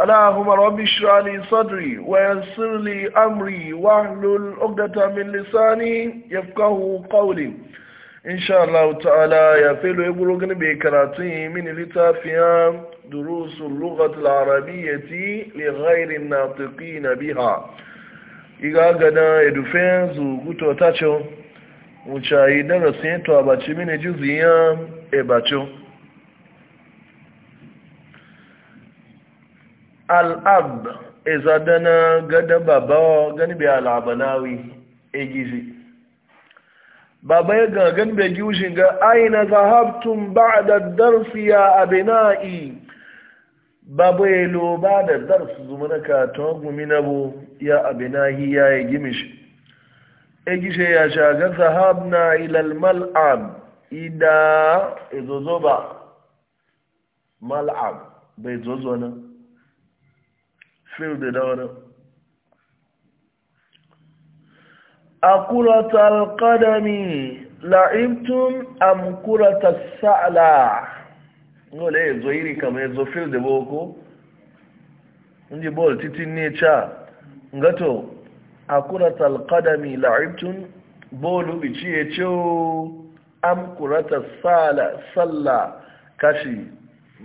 اللهم رب اشرح لي صدري ويسر لي امري واحلل عقده من لساني يفقهوا قولي ان شاء الله تعالى يا فيلو يبرغن بكراتي من لتافيا دروس اللغه العربيه لغير الناطقين بها igagana edufen zuguto tacho mucayi darasin to abaci mini juziyan ebacho al'ab dana gada baba gani bai al'abanawi egizi baba ya gangan bai giushin ga aina zahabtun ba da darsi ya abina'i baba ya lo ba da darsu zumana ka tagumi na bu ya abinahi ya yi gimishi egishe ya shaga zahabna ilal mal'ab ida ba mal'ab bai zozo nan. fil da daura akuratal qadami la'ibtum am kuratas sa'la ngole zo iri kamar zo fil da boko ndi bol titin ne cha ngato akuratal qadami la'ibtum bolu bici ya ce am kurata sala salla kashi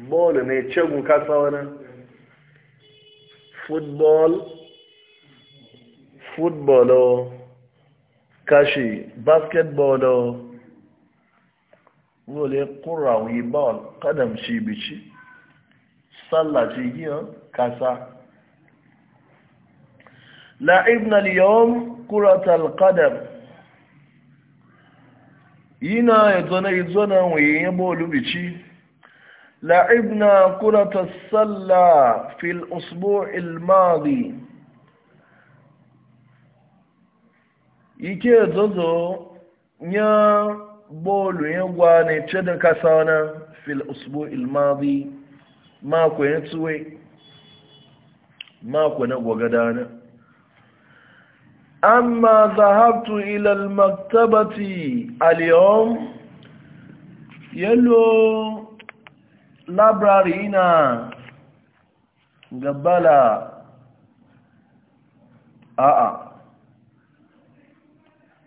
bolu ne ce mu kasa wani football football o kashi basketball o wole kurawi ball kadam shi bici sallah ci giyan kasa la'ibna al-yawm kurat al-qadam yina ya e zana yi e zana wuyi ya e bolu bici لعبنا كرة السلة في الأسبوع الماضي yake zozo ya bolu ya gwane ce da kasa wana fil usbu ilmadi mako ya tsuwe mako na gwagadana amma zahabtu ilal maktabati, al-yawm yalo labrari ina gabala a'a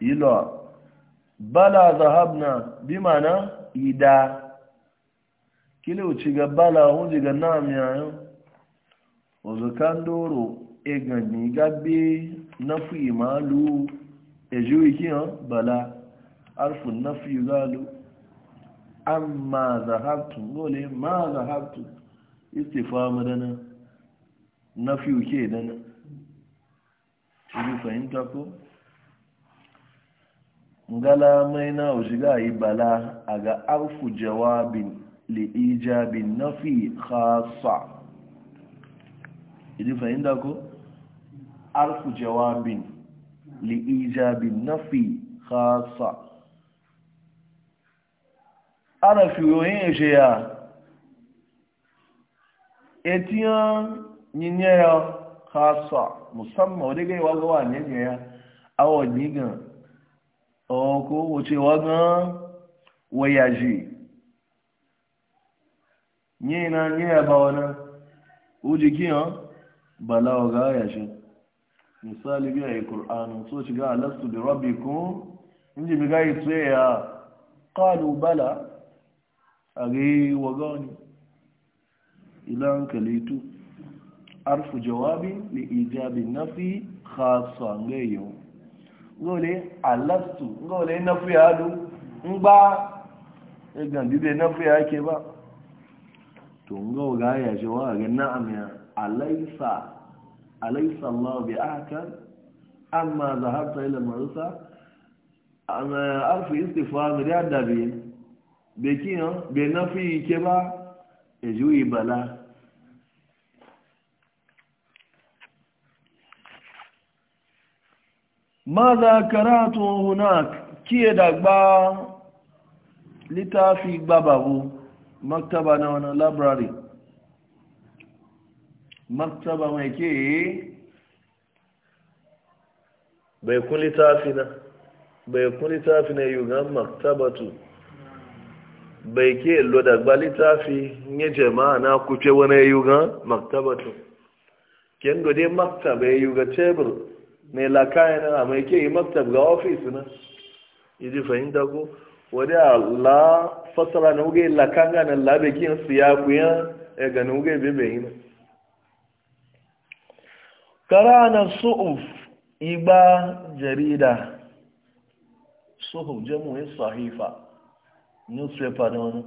ilo bala zahabna bi mana ida kile uci gabala hunji ga nam yayin ozukan doro egani gabe nafi malu ejuwi kiyan bala fi nafi zalu amma zahabtu dole ma zahabtu istifamu dana na fiye dana shi fahimta ko ngala mai na shiga yi bala a ga arfu jawabin li'ijabin na nafi khasa idi fahimta ko arfu jawabin li'ijabin na nafi khasa fi oyin ṣe ya etiyan yinye ya kasa musamman wadda iwa gawa ne ya awọ nigan ọkọ wace wagan wayaji yi na yi ya ba wani uji kiyan bala waga yashi misali biya yi kur'an so shiga alastu bi rabbi kun inji biga yi tsaye ya ƙalu bala a gai wagani ila hankali tu arfu jawabin li ijabin nafi khasa ngayo ngole alastu ngole fi hadu ngba egan bibe nafi yake ba to ngo ga ya jawa ga na'am ya alaysa alaysa allah bi ahkam amma zahabta ila marusa ana arfu istifham ya dabi bai ìbàlá. bai nafi ke ba ya juyi bala maza karatu hunak kiye dagba littafi gbababu maktaba na wọn labrari maktaba mai ke bai kun littafi na bai kun littafi na yugan maktabatu bai ke lo dagba littafi nye jama'a na kuce wani yuga maktabatu ken do dai bai ya yuga tebur ne lakaya na a mai ke yi maktab ga ofis na iji fahimta ko wani a la fasara na wuge lakanga na labe kiyan siya kuyan ya gani wuge bebe yi na kara na su'uf igba jarida su'uf jamu'in sahifa newspaper da wani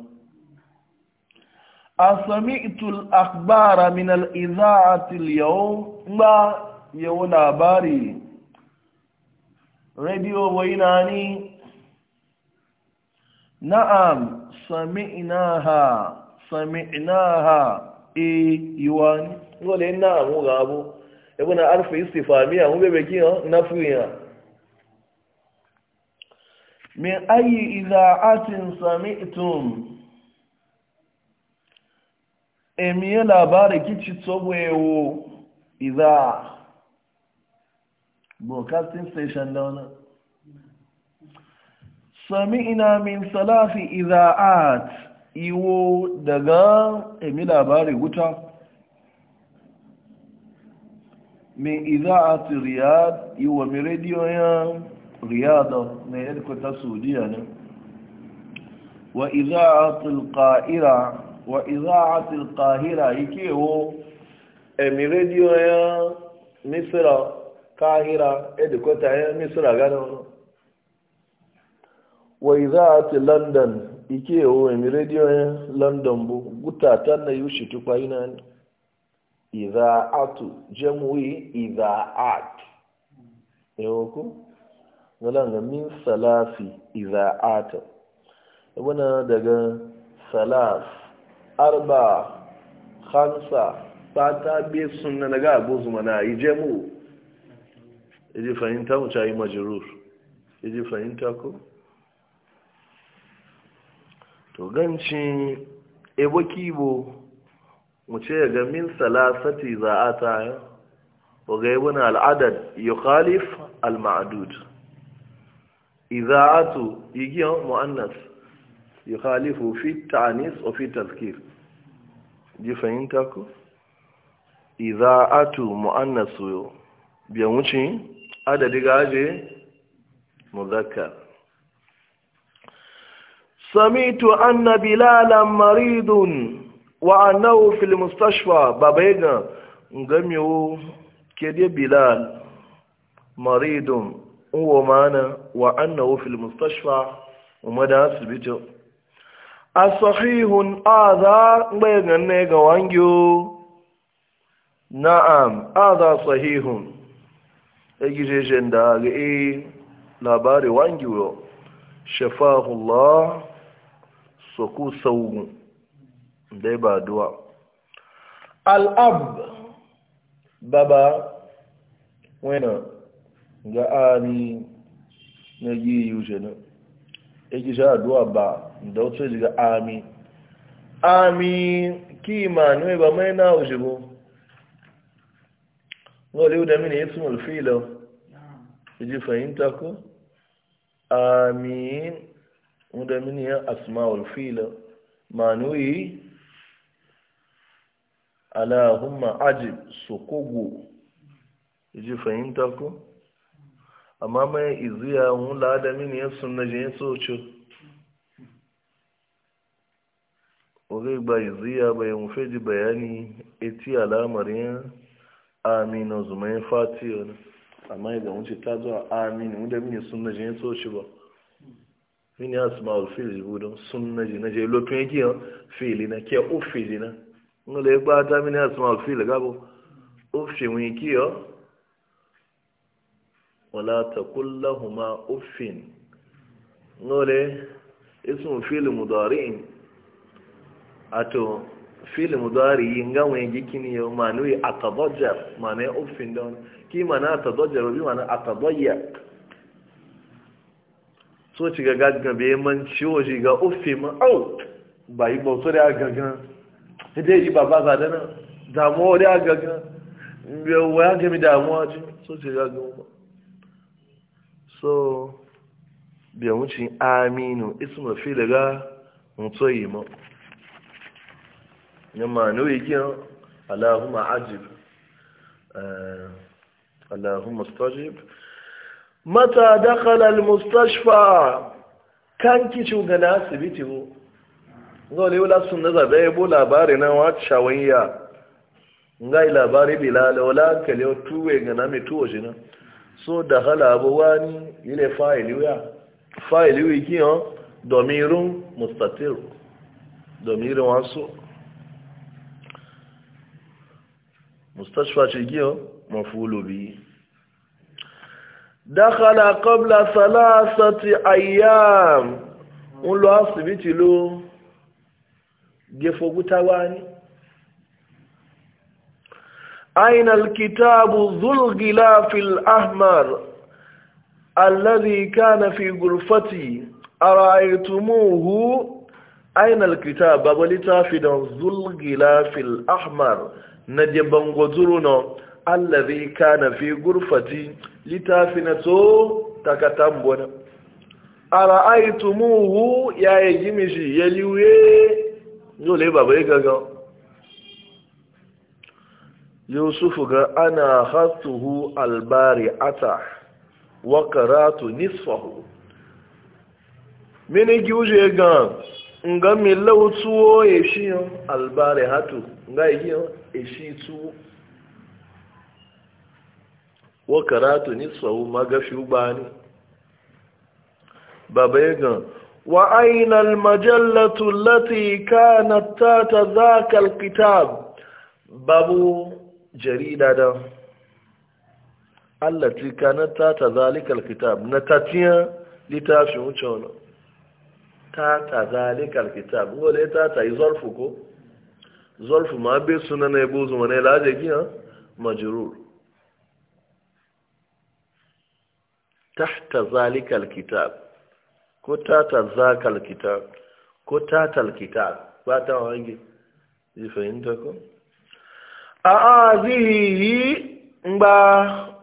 a sami itul akbara min al'iza'atil yau ba yau labari radio wai na ni na'am sami'naha sami'naha e yiwa ni wale na'am ga abu ibn alfa istifamiya mu bebe kiyan nafiya min ayi iza'atin sami'tum emiye labarin kici tsogoyewo iza broadcasting station launa sami'ina min salafi iza'at iwo daga emi labari wuta min iza'at riyad iwo mi rediyoyin riyadha na yadda ta saudiya ne wa iza'atul qa'ira wa iza'atul qahira yake wo emiradio ya misra qahira edukota ya misra gana wono wa iza'atul london yake wo emiradio ya london bu gutatan na yushi tukwa ina ne iza'atu jamui iza'at yawon ngalanga min salasi iza ata ibana daga salas arba khamsa fata be sunna daga abu zumana ije mu ije fahimta mu chayi majrur ije fahimta ko to ganci ebo kibo mu ce ga min salasati za a ta yi eh? ga ibana al'adad yukhalif al-ma'adud iza'atu igiyan mu'annas yukhalifu fi ta'nis wa fi tazkir ji fahimta ku iza'atu mu'annasu yau biyan wuce adadi gaje muzakkar samitu anna bilalan maridun wa annahu fil mustashfa babega ngamiwo kede bilal maridun uwa mana wa annahu fil mustashfa umada asibiti a sahihun aza bai ganne ga wangiyo na'am aza sahihun egijejen da ga e labari wangiyo shafahullah soku saugu dai ba duwa al'ab baba wena ga ami na yi yushe na yake e sha addu'a ba da wata ji ga ami ami kima e ne ba mai na ushe bo wale da mini ya sumul filo e ji fahimta ku. amin da mini ya asma'ul filo manuyi alahumma ajib sokogo ji fahimta ku. amma mai izuya hun ladamin ya sunna je yin socho ogai ba izuya bai mu feji bayani eti alamarin aminu zumayin fatiyo ne amma idan wuce ta zuwa Amina, wanda mini sunna na yin socho ba mini asma'ul fil budon sunna je na je lopin yake fili na ke ofili na mini gba ta mini asma'ul fil gabo ofshin wiki yo wala ta kullahuma uffin nole ismu fili mudari'in ato fili mudari yi nga wen gikini yo manu yi atadajjar mana uffin don ki mana atadajjar bi mana atadayyak so ci ga gaggan be man ciwo ji ga uffin ma au ba yi bautu da gaggan dai yi baba za dana damuwa da gaggan bai wa ya gami damuwa ci so ci gaggan so biya wucin aminu isma fi daga mutu yi ma ni ne yi gina allahumma ajib eh, allahumma stajib mata dakala almustashfa kan kici ga na asibiti go wula sun sunna da ya bu labari na wa shawanya yi labari bilal wala kale tuwe gana mai mi tuwo jina so da halaba wani ile fa'ili wuya fa'ili wiki yan domirin mustatir domirin wasu mustashfa ce mafulu biyi dakhala qabla thalathati ayyam asibiti lo gefo wani. أين الكتاب ذو الغلاف الأحمر الذي كان في غرفتي أرأيتموه أين الكتاب في ذو الغلاف الأحمر نجبا غزرنا الذي كان في غرفتي لتافنته takatambona أرأيتموه يا يجمشي يليوه نولي بابا يكاكاو yusufu ga ana hatuhu albari ata wa karatu nisfahu mini giuje ga nga mi lautuwo eshi albari hatu nga yi eshi tuwo wa karatu nisfahu magafi ubani baba ya ga wa aina almajallatu allati kanat tata dhaka alkitab babu jarida da Allah tika na tata zalikal kitab na tatiya littafin wuce wani tata zalikal kitab wale tata yi zolfu ko zolfu ma bai suna na yabo zuma na ilaje gina majirur ta zalikal kitab ko tata zakal kitab ko ta kitab ba ta wange ji fahimta ko a azihi ngba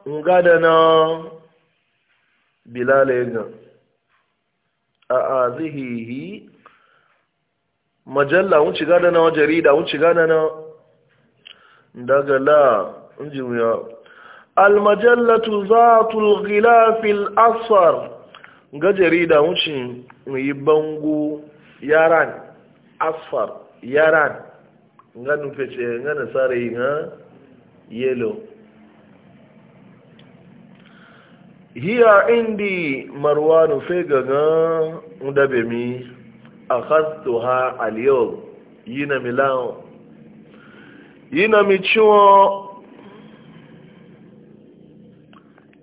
ngada na bilale ga a azihi majalla un ci gada na jarida un ci gada na daga la inji wuya almajallatu zatul ghilafil asfar ga jarida un ci yi bango yaran asfar yaran nga nufece nga nasara yi nga yelo hiya indi marwanu fe gaga ndabe mi akhadtuha al-yawm yina milao yina michuo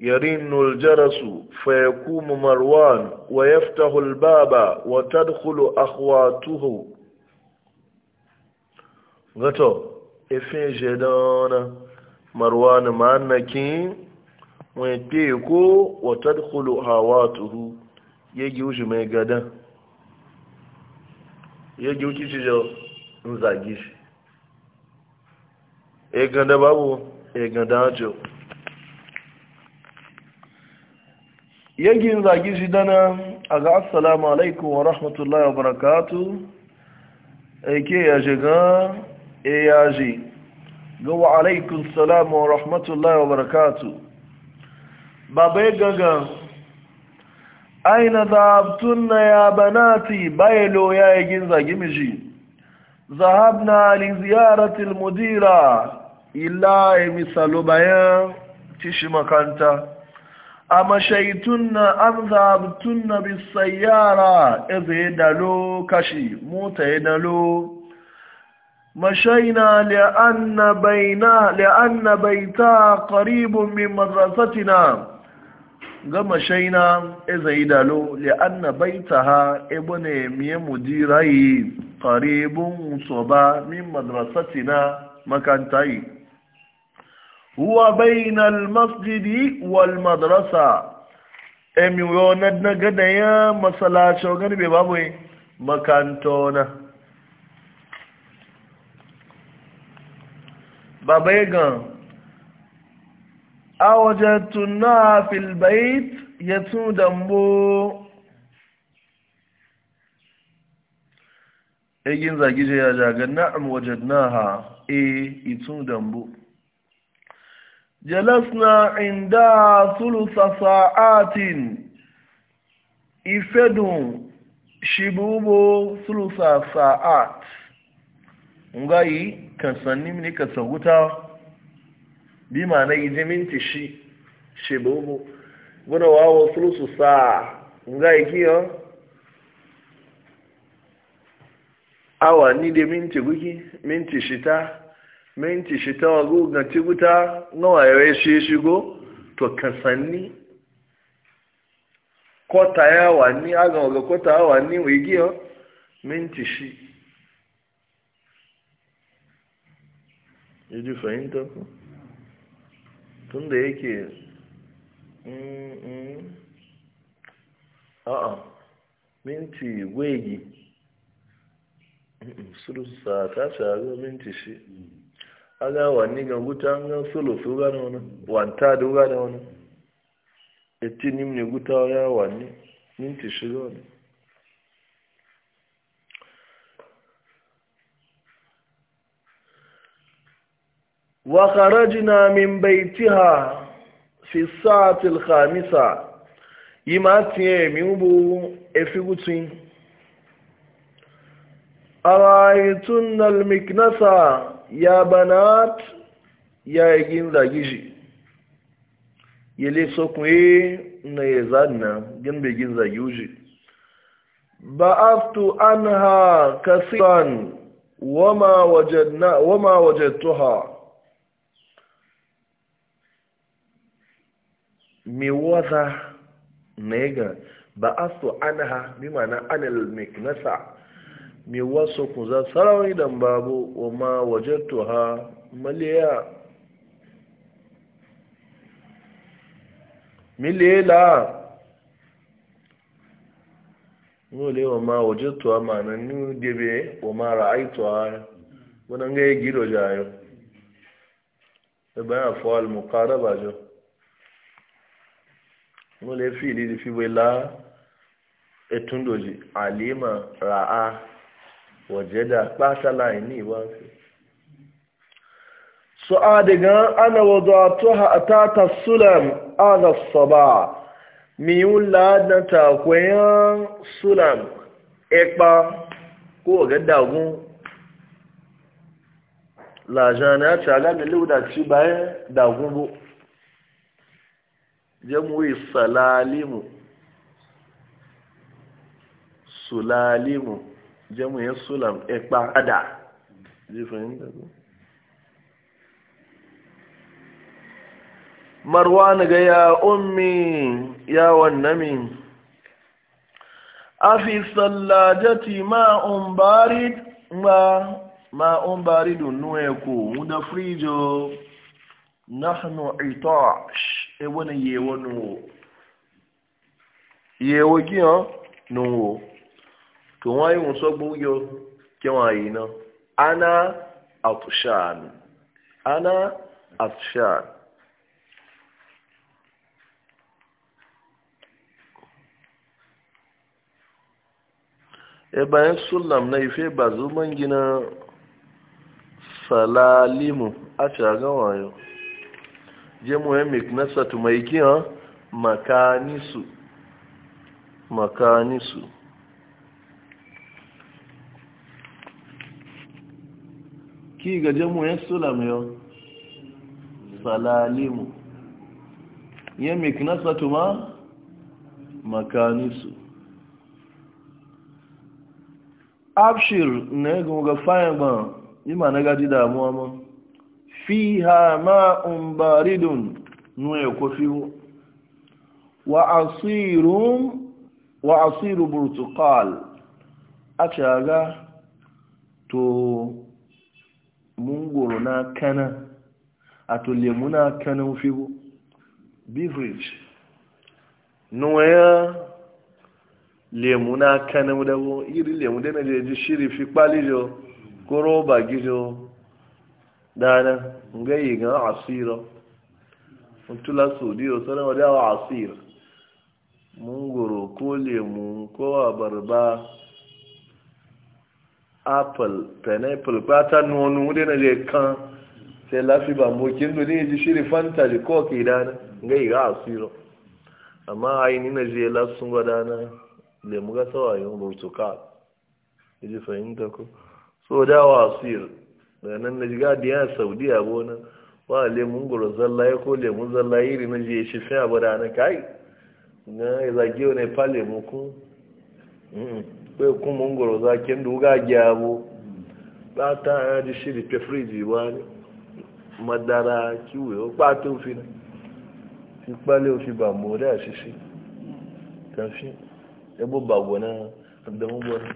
يرن الجرس فيقوم مروان ويفتح الباب وتدخل أخواته gato efin jedana marwan ma'annakin wani teku wata kulu hawa tuhu ya giwushi mai gada ya giwuki shi jau in zagi shi e ganda babu e ganda jau ya gi zagi shi dana a ga assalamu alaikum wa rahmatullahi wa barakatu ake e ya shiga e yaji ga wa alaikun salam wa rahmatullahi wa barakatu baba ya gaga aina zahabtun na ya banati bayelo ya yi Zahab na zahabna li ziyaratil mudira illa ya misalo bayan tishi makanta amma na an zahabtunna bisayyara eze ya dalo kashi mota ya dalo مشينا لان بينها لان بيتها قريب من مدرستنا كما شينا ازيدالو لان بيتها ابني ميمو ديراي قريب صبا من مدرستنا مكانتاي هو بين المسجد والمدرسة اميو ندنا غدايا مسلاشو غنبي بابوي مكانتونا bàbá ẹ̀gàn àwọ̀jẹ̀ tùnà filbait yẹtún dàmbó egin zagije ya jaga na'am ha e itun dambo jalasna inda thulutha sa'atin ifedun shibubo thulutha sa'at ngai kan sanni mini ka sauta bi ma na ije minti shi shebobo guna wawo sulusu sa nga yi ikiyo awa ni de minti guki minti shita minti shita wa gu ga tiguta nga wa yawe shi shigo to kan sanni kota ya wa ni aga ga kota ya wa ni wigiyo minti shi ya ji fahimta ku tun da yake a'a minti gwegi sulusa ta minti shi aga wani ga guta ga sulusu gane wani wanta minti وخرجنا من بيتها في الساعة الخامسة يما تيمي وبو افيغوتين أرأيتن المكنسة يا بنات يا يجين زاجيجي يلي سوكوي نيزادنا جنب يجين زاجيوجي بعثت عنها كثيرا وما وجدنا وما وجدتها miwaza na ba a so an ha bi mana anil meknasa mi wasu ku za sarawar idan babu wa ma wajetto ha maliya miliyela nole wa ma wajetto ha mana ni debe wa ma ra'aito ha wadanda ya gido jayo da ya afọ al-mukaraba wale fili da fi la etun doji alima ra'a wajeda kpata lai ni ba su adiga ana wadatuha atata sulam ala saba miyun ladan takwayan sulam ekpa ko ga dagun lajana ta ga da lewda ci bayan dagun bu jamwi salalimu sulalimu jamwi sulam ekpa ada marwan ga ya ummi ya wannami afi sallajati ma'un barid ma ma'un baridun nuwe ko mu da frijo nahnu ita e wani yewo nuwo yewo giyan nuwo to wọn yi wọn sọ gbogbo kẹwọn ayi na ana atushan ana atushan e bayan sulam na ife ba zuman gina salalimu a shagan wayo je muhimmi na tumaikia makanisu makanisu ki ga je muhimmi salalimu ye mikna satu makanisu abshir ne gunga fayan ba yi na gaji damuwa ma fiha ma'un baridun nuwe kofiwo wa asirun wa asiru burtukal a ga to mungoro na kana a to lemu na kanan fiwo beverage nuwe ya lemu na kanan dawo iri lemu dana jeji shiri fi kpali jo ko roba gijo dana ngayi ga asira mutula o sanar da yawa asir mungoro ko lemu ko abarba apple pineapple pata nono de na le kan la fi ba mo da ne ji shiri fanta da ko ke dana ngayi ga asira amma aini na je lasun dana le lemu ga tsawayen burtukal ji fahimta ko so da wa nan na ji gadi ya a bona ba lemun gurin zalla ya ko lemun zalla iri na je shi sai abu da na kai na ya zage wani fale lemu ku kai kun mun goro za kin duga gyabo ba ta ya ji shi da friji ba ne madara kiwo ba to fi fi pale o fi ba mo da shi shi kan fi ebo ba gona da mu gona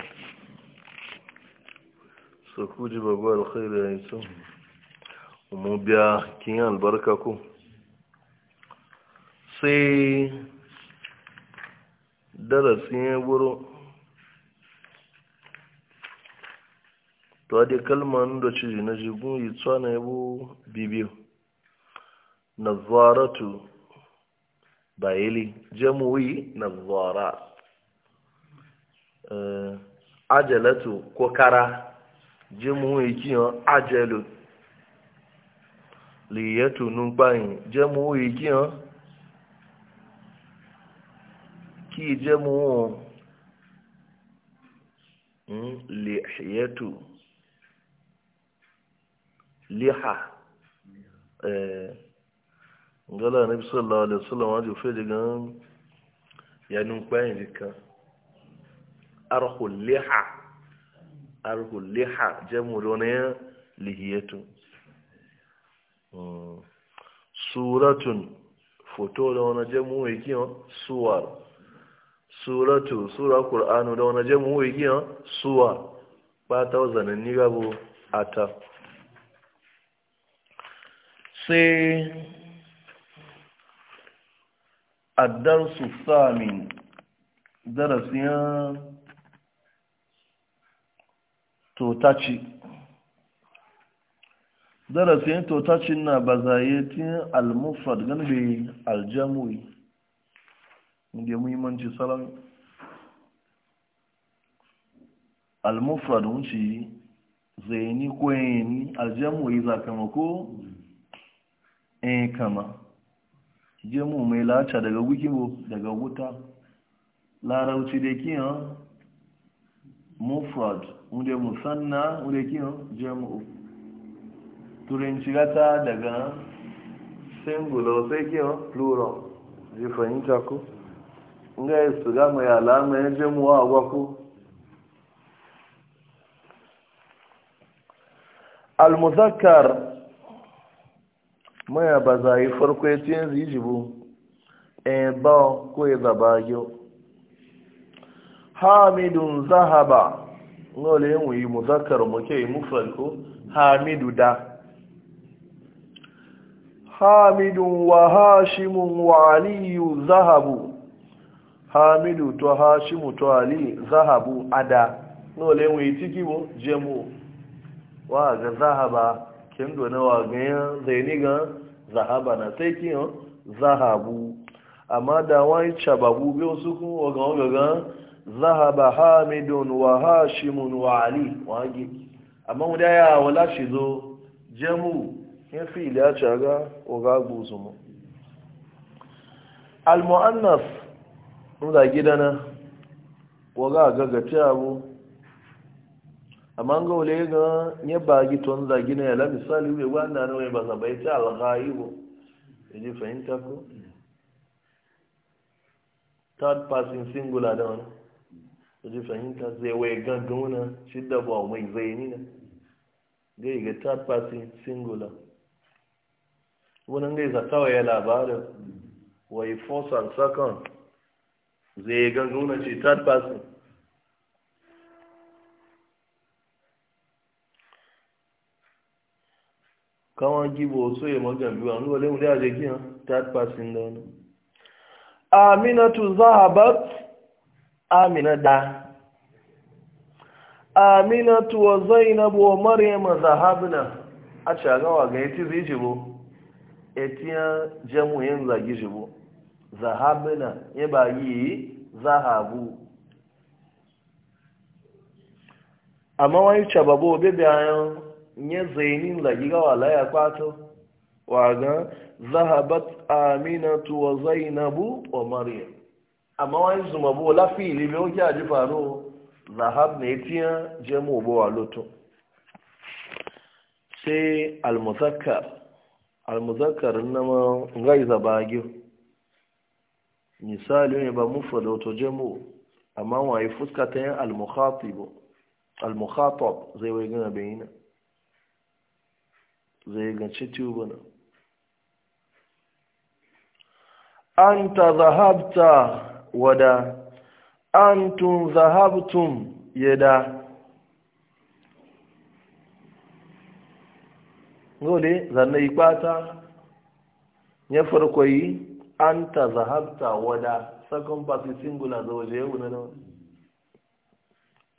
sokuji babu alkhairu ya yi so mu biya kin albarka ku sai darasin ya wuro to adi dai da ci na jigun yi tsana ya bu bibiyu na zuwaratu bayeli jamuwi na zuwara eh, ajalatu ko kara jẹ́mú ìkíyàn e ajẹ́lò lè yẹ́tò ní gbáyìn jẹ́mú ìkíyàn e kí jẹ́mú lè yẹ́tò hmm? liha eh. ngala nabi sallallahu alaihi wasallam wajo fede gan ya nun kwayin dikan arhu liha arhu liha jamuro ne lihiyatu hmm. suratun foto da wani jamu wiki suwar suratu sura kur'anu da wani jamu wiki suwar ba ta wazanin ni gabo ata sai addarsu sami darasiyan totaci darasin totacin na ba zaye tin almufad ganbe aljamui inda muhimmanci salami almufad wunci zaini ko yini aljamui za kama ko in kama jemu mai lacha daga wikibo daga wuta larauci da kiyan mufrad wunde musanna wunde kiyo jam'u turanci gata daga singular sai kiyo plural ji fahimta ku nga yi su gama ya alama ya jamuwa a gwaku almuzakkar maya ba za yi farko ya ce yanzu yi jibu ɗaya e ba ko ya zaba yau hamidun zahaba ngole yi muzakkar muke mufrad ko hamidu da hamidun wa hashimun wa aliyu zahabu hamidu to hashimu to ali zahabu ada ngole yi tiki bo jemu wa ga zahaba kendo na wa ga zaini zahaba na sai kiyo zahabu amma da wani chababu bi osuku wa ga ga zahaba hamidun wa hashimun wa ali wangi amma mu da daya wala shi zo jamu ya fi da caga oga guzu mu almu'annas da gidana ga waga gaga ta mu. amma ga wale ga ne ba giton da gina ya la misali we wanda ne ba za bai ta alghaibu yaji e fahimta ko third person singular da wani ji fahimta zai waye gangana shi shidda ba mai zai nina gai ga third person singular wannan gai zata waye labarin wai first and second zai gangana shi third person káwọn gíbò tó yẹ mọ́gànbí wọn ló léwúlé àjẹ́kí hàn third person lọ́nà àmínà tó záhàbá amina da aminatu wa zainabu wa maryama zahabna a cagawa ga eti zai jibo etiya jamu yin zagi jibo zahabna ya ba yi zahabu amma wani cababo bebe ayan nye zainin zagi gawa laya kwato waga zahabat aminatu wa zainabu wa maryama amma wani zuma bo lafi ilibe oke aji faro zahab na etiya jemu bo wa loto sai almuzakkar almuzakkar na ma ngai zabagi misali ne ba mufa da wato jemu amma waye fuska ta yin almukhatibu almukhatab zai wai gana bayina zai ganci tubana anta zahabta wada antum dhahabtum yada ngole zanna ipata nya koyi anta zahabta wada second person singular zoje unano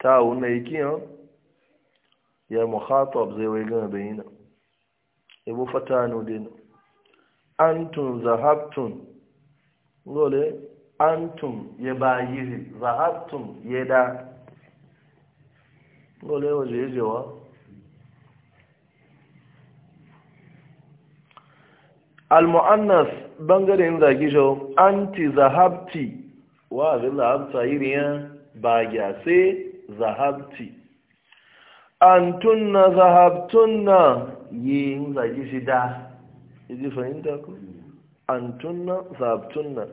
ta una ikiyo ya mukhatab zai wai gana din antum zahabtum ngole antum ya bayi zahabtum ya da gole waje ya jewa al-mu'annas bangaren zagi shau anti zahabti wa abin zahabta iriyan bagya se zahabti antunna zahabtunna yi zagi shi da ya fahimta ku antunna zahabtunna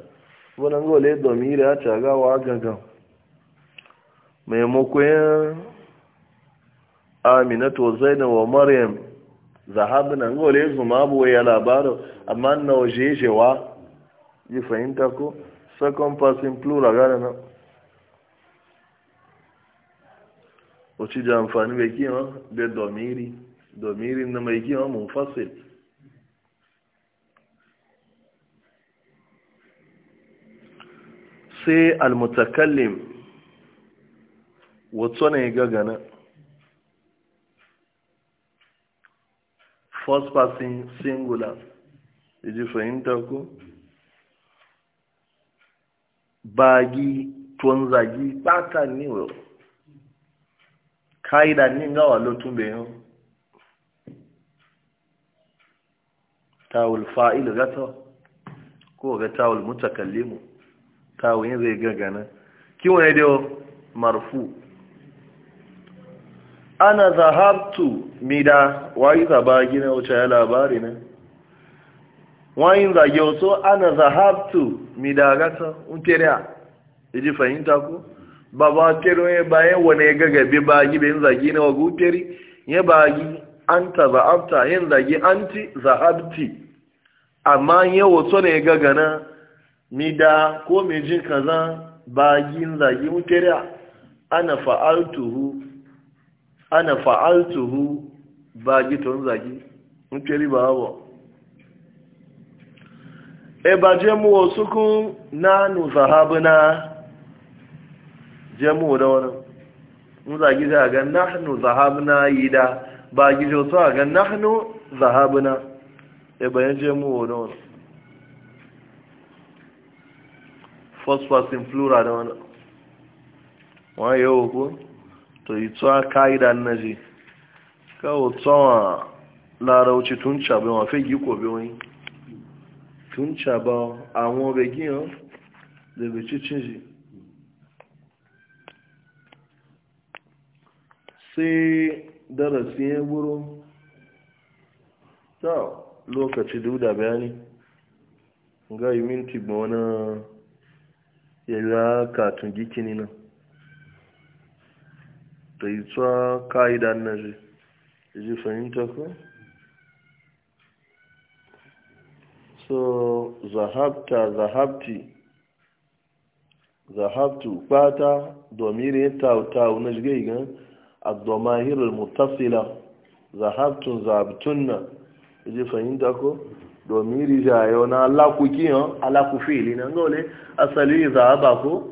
sunan gole domiri ya cagawa maimakon aminatu zainab wa maryam zahabu nan gole zuma buwa ya labarin amma na waje yi fahimta ko second person plural gane nan wacce kima da domiri domiri na mai kima mun fasil sai almutakallim wato ne gana, first person singular yaji fahimta bagi tuwon zagi ɓata ni wa ka'ida ni gawa lotun bayan tawul fa'il gata ko ga tawul mutakallimu kawun zai gagana kiwon ya dawo marfu ana zahabtu mida wayi zaba gina wuce ya labari ne wayin zage wato ana zahabtu mida gata a iji fahimta ku ba ba kero ya bayan wani ya gagabe ba gi bayan zage na wa guteri ya ba gi an ta zahabta yin zage anti zahabti amma ya wato ne ya gana. mida ko mai jin kazan bagin zagi mutariya ana fa'altuhu ana fa'altuhu bagi ton zagi mutari ba ba e ba jemu wasu kun nanu zahabuna jemu da wani zagi za ga nahnu yi da bagi jo so ga nahnu zahabuna e bayan jemu da wani phosphorus in flora da wani wani yau ko to yi tsawa ka'ida na ji kawo tsawa larauci tun cabe wọn fẹ́ yí kò bí wọ́n tún cabe àwọn sai darasi ya wuro ta lokaci duk da bayani ga yi minti ba yana katun gikini nan da yi tsawa ka'ida na zai ji fahimta ko? so zahabta zahabti zahabtu kwata domin tautau na jigai gan abdomahirar mutasila zahabtun zahabtun na ji fahimta ko? domin rijayo na alakukiyan alakufili na gole asali za a ba ko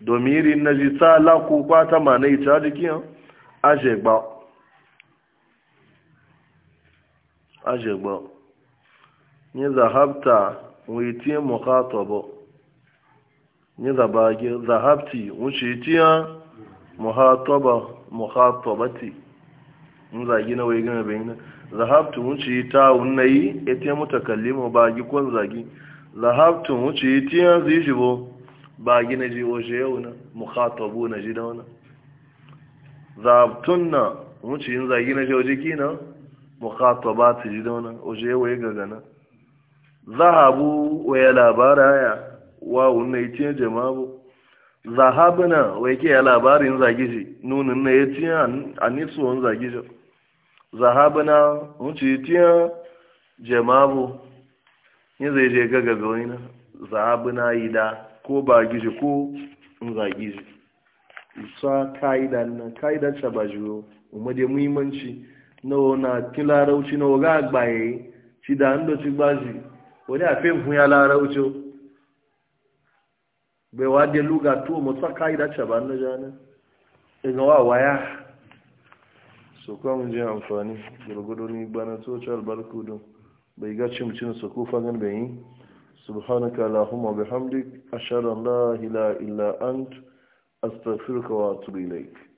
domin rin na ji ta alakukwa ta mana ita jikiyan ajegba ajegba ni zahabta witin mukhatabo ni zabage zahabti wuce tiyan mukhataba mukhatabati in zagi na wai gana bayanan zahabtu wuce ta wunayi ita mutakallimu ba gi kwan zagi zahabtu wuce ti yan bo ba gi na ji shi yau na mukhatabu na ji da Zahabtun na wuce yin zagi na jiwo jiki na mukhataba ta ji da wuna, oje yau ya gagana zahabu wa ya labara ya wa wunayi jama'a zahabu na wa yake ya labarin zagi ji nunin na ya ci an nisuwan wani zagi ji zahabu na tiya jamabu yin zai je gaga ga wani na zahabu yi da ko ba gizi ko in za gizi isa ka'ida na ka'ida ta ba jiyo umar da muhimmanci na wana kin larauci na waga agbaye ci da ando ci gbazi wani afe fe fun ya larauci bai wa de luga to mu sa ka'ida ta ba na jana ga wa waya su kwamun ji amfani gurgudu ni bana tsoci albarku don bai ga cimcin su kufa gan bai yi subhanaka allahumma bihamdik ashhadu an la ilaha illa ant astaghfiruka wa atubu ilaik